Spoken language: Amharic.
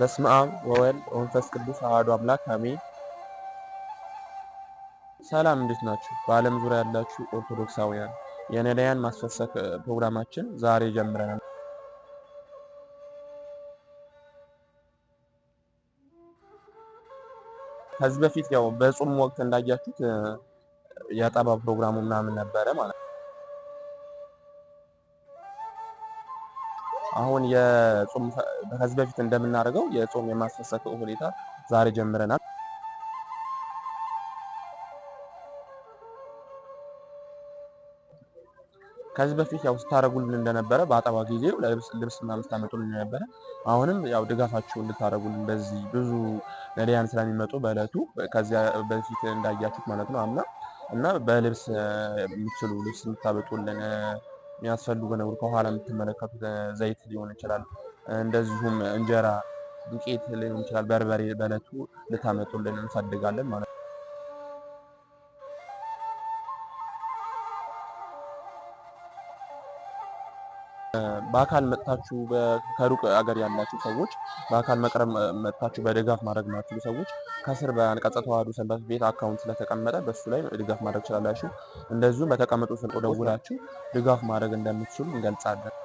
በስመ አብ ወወልድ ወመንፈስ ቅዱስ አሐዱ አምላክ አሜን። ሰላም እንዴት ናችሁ? በዓለም ዙሪያ ያላችሁ ኦርቶዶክሳውያን የነዳያን ማስፈሰክ ፕሮግራማችን ዛሬ ጀምረናል። ከዚህ በፊት ያው በጾም ወቅት እንዳያችሁት የጠባ ፕሮግራሙ ምናምን ነበረ ማለት ነው። አሁን የጾም ከዚህ በፊት እንደምናደርገው የጾም የማስፈሰክ ሁኔታ ዛሬ ጀምረናል። ከዚህ በፊት ያው ስታደርጉልን እንደነበረ በአጠባ ጊዜ ልብስ ምናምን ስታመጡልን እንደነበረ አሁንም ያው ድጋፋችሁ እንድታደርጉልን በዚህ ብዙ ነዳያን ስለሚመጡ በእለቱ ከዚያ በፊት እንዳያችሁት ማለት ነው አምና እና በልብስ የምችሉ ልብስ የምታበጡልን የሚያስፈልጉ ነገሮች ከኋላ የምትመለከቱት ዘይት ሊሆን ይችላል። እንደዚሁም እንጀራ፣ ዱቄት ሊሆን ይችላል። በርበሬ በለቱ ልታመጡልን እንፈልጋለን ማለት ነው። በአካል መጥታችሁ ከሩቅ አገር ያላችሁ ሰዎች በአካል መቅረብ መጥታችሁ በድጋፍ ማድረግ ማትችሉ ሰዎች ከስር በአንቀጸ ተዋሕዶ ሰንበት ቤት አካውንት ስለተቀመጠ በሱ ላይ ድጋፍ ማድረግ ትችላላችሁ። እንደዚሁም በተቀመጡ ስልክ ደውላችሁ ድጋፍ ማድረግ እንደምትችሉ እንገልጻለን።